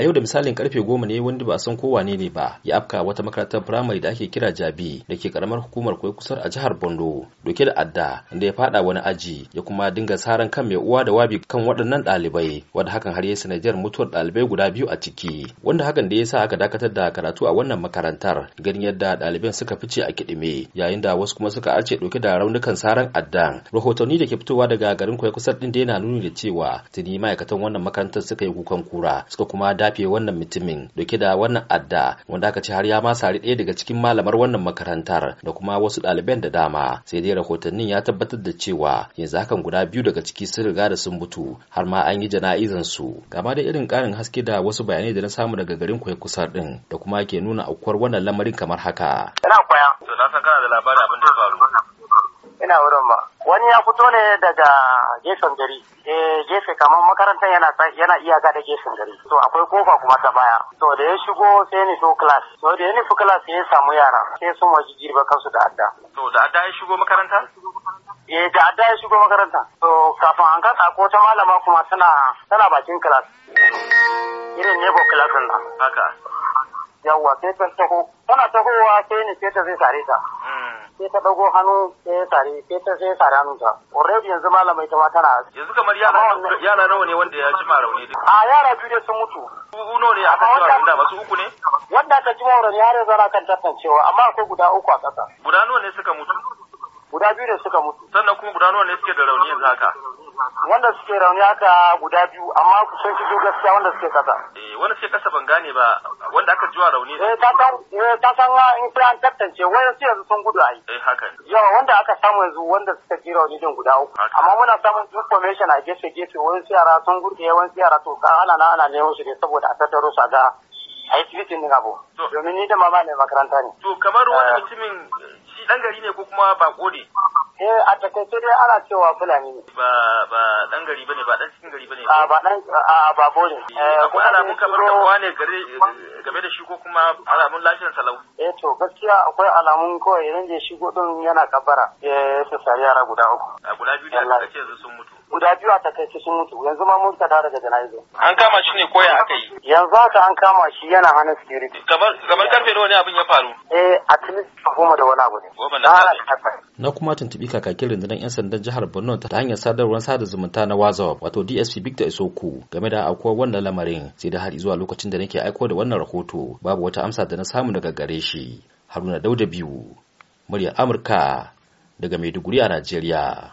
a yau da misalin karfe goma ne wanda ba a san kowa ne ba ya afka wata makarantar firamare da ake kira jabi da ke karamar hukumar kwai kusar a jihar bondo doke da adda inda ya fada wani aji ya kuma dinga saran kan mai uwa da wabi kan waɗannan ɗalibai wanda hakan har ya sanadiyar mutuwar ɗalibai guda biyu a ciki wanda hakan da ya sa aka dakatar da karatu a wannan makarantar ganin yadda ɗaliban suka fice a kiɗime yayin da wasu kuma suka arce ɗauke da raunukan saran addan rahotanni da ke fitowa daga garin kwai kusar ɗin da yana nuni da cewa tuni ma'aikatan wannan makarantar suka yi kukan kura suka kuma da dafe wannan mutumin dauke da wannan adda wanda aka ce har ya ma sari ɗaya daga cikin malamar wannan makarantar da kuma wasu ɗaliban da dama sai dai rahotannin ya tabbatar da cewa yanzu hakan guda biyu daga ciki sun riga da sun mutu har ma an yi jana'izan su gama da irin ƙarin haske da wasu bayanai da na samu daga garin kwai kusar ɗin da kuma ke nuna aukuwar wannan lamarin kamar haka. Ina kwaya. To na san kana da labarin abin da ya faru. Ina wurin ma. wani ya fito ne daga gefen gari eh gefe kamar makarantar yana yana iyaka da gefen gari to akwai kofa kuma ta baya to da ya shigo sai ni so class to da ya nufi class sai ya samu yara sai sun waje girba kansu da adda to da adda ya shigo makaranta eh da adda ya shigo makaranta to kafin an kasa ko ta malama kuma tana tana bakin class irin nebo class nan haka yawwa sai ta taho tana tahowa sai ni sai ta zai sare ta sai ta dago hannu sai ya sare sai ta sai sare hannunta already yanzu malamai ita ma tana yanzu kamar yara nawa ne wanda ya jima rauni a yara biyu dai sun mutu uku nawa ne aka jima rauni da masu uku ne wanda aka jima rauni har yanzu ana kan tantancewa amma akwai guda uku a ƙasa guda nawa ne suka mutu guda biyu ne suka mutu sannan kuma guda nawa ne suke da rauni yanzu haka wanda suke rauni haka guda biyu amma sun fi biyu gaskiya wanda suke kasa eh wanda suke kasa ban gane ba wanda aka jiwa rauni eh ta san eh ta san ah, in kira an tantance wayan su yanzu sun gudu ai eh haka yawa wanda aka samu yanzu wanda suka ji rauni din guda uku amma muna samun information a gefe gefe wayan su yara sun gudu yawan su yara to ka ana na ana ne su ne saboda a tattaro su a ga a yi tilitin din abu domin ni da mama ne makaranta ne to kamar wani eh. mutumin dan gari ne ko kuma bako ne eh a takaice dai ana cewa fulani ne ba ba dan gari bane ba dan cikin gari bane a ba dan a ba bone eh, akwai eh, alamun kamar kawa ne gare game da shi ko kuma alamun lafiyar salau eh to gaskiya akwai alamun kawai idan je shigo din yana kabara eh sai yara guda uku a guda biyu da aka ce sun mutu guda biyu a takaice sun mutu yanzu ma mun tada daga janaizo an kama shi ne ko ya aka yi yanzu haka an kama shi yana hannun security kamar kamar karfe nawa ne abin ya faru eh at least goma da wani abu ne goma na na kuma tuntuɓi kakakin rundunar 'yan sandan jihar Borno ta hanyar sadarwar sada zumunta na wazawa wato DSP Victor Isoko, game da akwai wannan lamarin sai da har zuwa lokacin da nake aiko da wannan rahoto babu wata amsa da na samu daga gare shi Haruna Dauda biyu murya Amurka daga Maiduguri a Najeriya